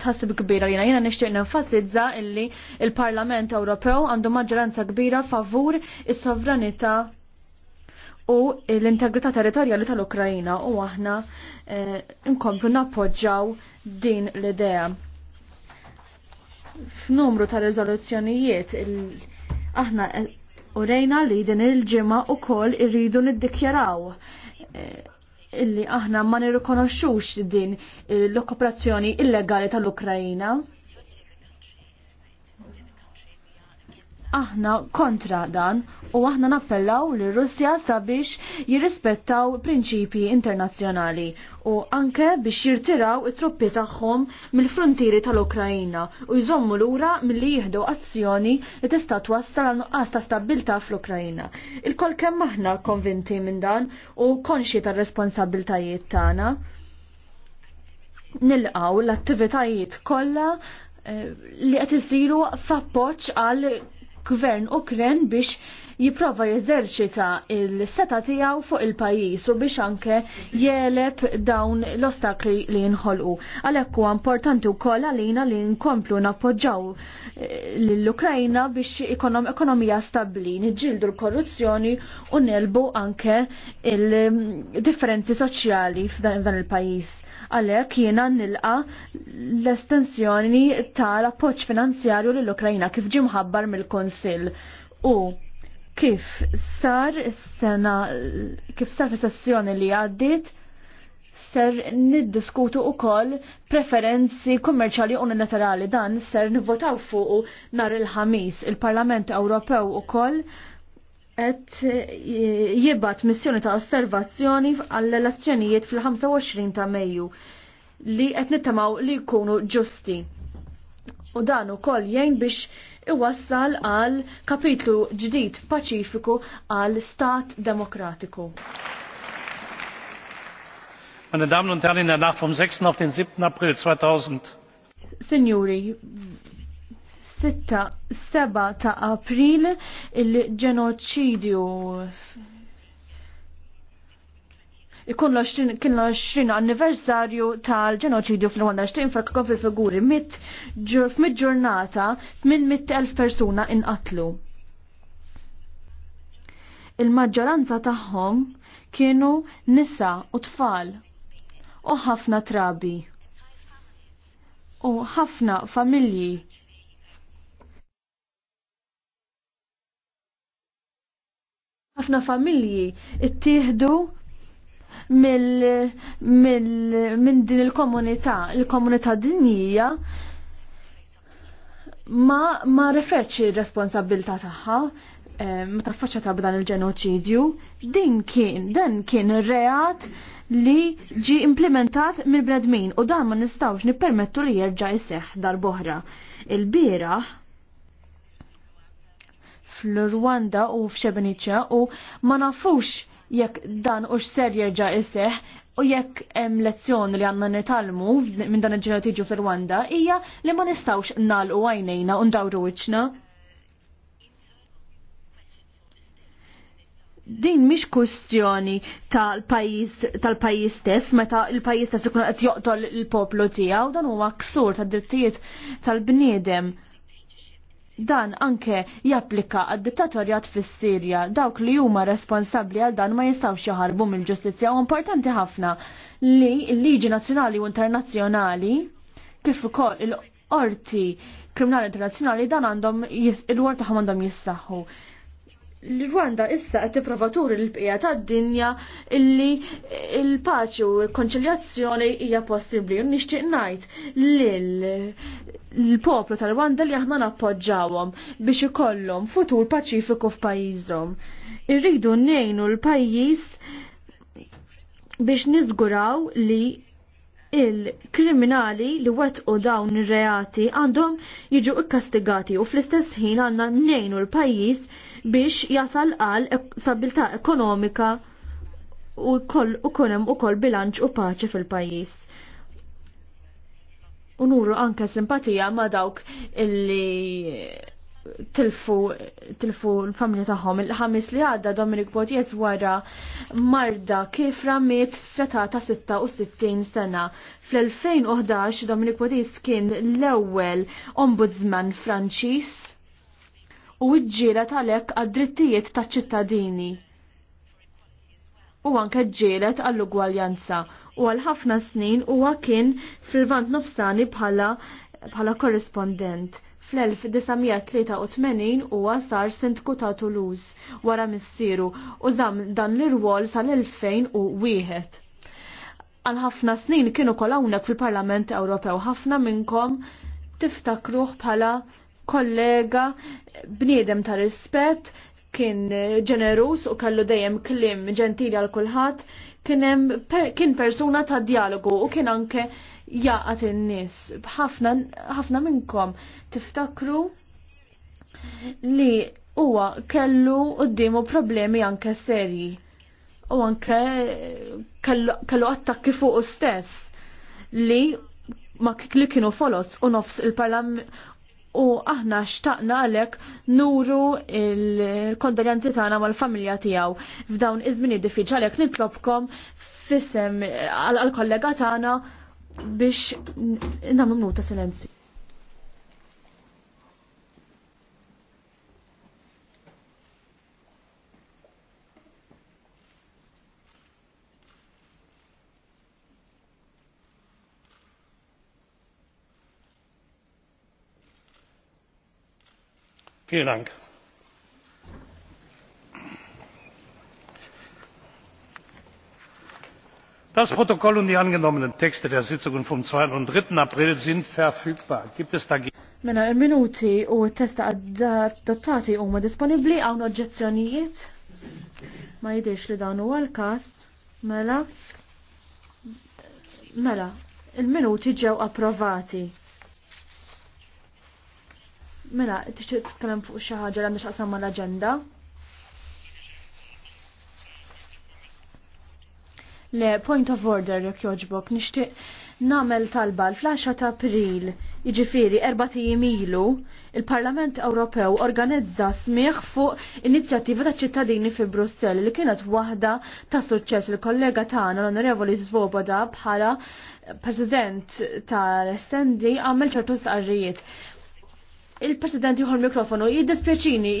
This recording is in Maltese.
tħassib kbira jina jina nixtieq nenfasizza illi il-Parlament Ewropew għandu maġġoranza kbira favur is-sovranità u l-integrità territorjali tal-Ukrajina u aħna eh, nkomplu nappoġġaw din l-idea. F'numru ta' riżoluzzjonijiet aħna eh, urejna li din il-ġimgħa ukoll irridu niddikjaraw eh, illi aħna ma nirrikonoxxux din eh, l-okkupazzjoni illegali tal-Ukrajina. aħna kontra dan u aħna nappellaw li Russja sabiex jirrispettaw prinċipi internazzjonali u anke biex jirtiraw it-truppi tagħhom mill-frontieri tal-Ukrajina u jżommu lura milli jieħdu azzjoni li tista' twassal għal ta' stabilità fl-Ukrajina. Il-kol kemm aħna konvinti minn dan u konxi tar-responsabiltajiet tagħna. Nilqaw l-attivitajiet kollha eh, li qed isiru f'appoġġ għal gvern Ukren biex jiprofa jeżerċita il-seta tiegħu fuq il-pajjiż u biex anke jeleb dawn l-ostakli li jinħolqu. Għalhekk huwa importanti wkoll għalina li nkomplu nappoġġaw eh, l-Ukrajna biex ikonom ekonomija stabbli, niġġieldu l-korruzzjoni u nelbu anke il-differenzi soċjali f'dan il-pajjiż. Għalhekk jiena nilqa l-estensjoni tal-appoġġ finanzjarju lill-Ukrajna kif ġie mħabbar mill konsil u kif sar sena kif sar fis-sessjoni li għaddiet ser niddiskutu u koll preferenzi kummerċali unilaterali dan ser nivvotaw fuq nar il-ħamis il-Parlament Ewropew u koll et jibbat missjoni ta' osservazzjoni għall-elezzjonijiet fil-25 ta' Mejju li qed nittamaw li jkunu ġusti. U dan ukoll jgħin biex iwassal għal kapitlu ġdid paċifiku għal stat demokratiku. Meine Damen und Herren, in der Nacht vom 6. auf den 7. April 2000. Signori, 6-7 April il genocidio ikun l-20 anniversarju tal-ġenoċidju fl-21 frak kon fil-figuri mit ġurnata minn mit elf persuna inqatlu. Il-maġġoranza tagħhom kienu nisa u tfal u ħafna trabi u ħafna familji ħafna familji ittieħdu minn din il-komunità, il-komunità dinjija ma, ma referċi responsabilta tagħha, eh, meta ta' b'dan il-ġenoċidju, din kien, dan kien reat li ġi implementat mill bnedmin u dan ma nistawx nippermettu li jerġa' dar darb'oħra. Il-bira fl-Rwanda u f'Xebeniċa u ma nafux jekk dan ux ser jerġa' iseħ u jekk hemm lezzjoni li għandna nitalmu minn dan il-ġenet tiġu fil-Rwanda hija li ma nistgħux nagħlqu għajnejna u ndawru wiċċna. Din mhix kwestjoni tal-pajjiż tal-pajjiż stess meta l-pajjiż stess ikun qed joqtol il-poplu tiegħu dan huwa ksur tad-drittijiet tal-bniedem. tal bniedem Dan anke japplika għad dittatorjat fis sirja dawk li huma responsabbli għal dan ma jistgħux jaħarbu mill-ġustizzja u importanti ħafna li l-liġi nazzjonali u internazzjonali kif ukoll il-qorti kriminali internazzjonali dan għandhom il-wol għandhom jissaħħu li rwanda issa qed tipprova turi l-bqija tad-dinja illi l-paċi u l-konċiljazzjoni hija possibbli. Nixtieq ngħid l poplu tal-Rwanda li aħna nappoġġawhom biex ikollhom futur paċifiku f'pajjiżhom. Irridu ngħinu l-pajjiż biex niżguraw li il-kriminali li wetqu dawn ir-reati għandhom jiġu ikkastigati u fl-istess ħin għandna nejnu l-pajjiż biex jasal għal stabilità ekonomika u kolem u ukoll bilanċ u paċi fil-pajjiż. Unuru anke simpatija ma' dawk illi tilfu tilfu l-familja tagħhom. Il-ħamis li għadda Dominic Bodiez wara marda kif ramiet feta ta' 66 sena. Fl-2011 Dominic Bodiez kien l-ewwel ombudsman Franċiż u ġġiela talek għad-drittijiet ta' ċittadini u anke ġġielet għall-ugwaljanza u għal ħafna snin huwa kien fil-vant nofsani bħala bħala korrespondent fl-1983 huwa sar sindku ta' Toulouse wara missieru u żamm dan l-irwol sal-2001. Għal ħafna snin kienu kol hawnhekk fil-Parlament Ewropew ħafna minnkom tiftakruh bħala kollega bniedem ta' rispett kien ġenerus u kellu dejjem klim ġentili għal kulħadd, kien kien persuna ta' dialogu u kien anke jaqat in-nies. Ħafna minnkom tiftakru li huwa kellu quddiemu problemi anke serji u anke kellu attakki fuq stess li ma li kienu folots u nofs il-parlament u aħna xtaqna għalek nuru il-kondoljanzi tagħna mal-familja tiegħu f'dawn iż-żmini diffiċli għalhekk nitlobkom fissem għal-kollega tagħna biex nagħmlu minuta silenzju. das protokoll und die angenommenen texte der sitzungen vom. zwei und. drei april sind verfügbar. gibt es dagegen? mela il-minuti u t-testa adottati huma disponibbli hawn oġġezzjonijiet ma jidhirx li dan huwa l-każ mela mela il-minuti ġew approvati. Mela, t titkellem fuq xi ħaġa li għandha x'qasam mal-aġenda? Le, point of order jekk joġbok, nixtieq nagħmel talba l-10 ta' April, jiġifieri erba' tiem ilu, il-Parlament Ewropew organizza smieħ fuq inizjattiva ta' ċittadini fi Brussell li kienet waħda ta' suċċess il-kollega tagħna l-Onorevoli Svoboda bħala President tal-SND għamil ċertu stqarrijiet il-President jħol mikrofonu, jiddispjaċini.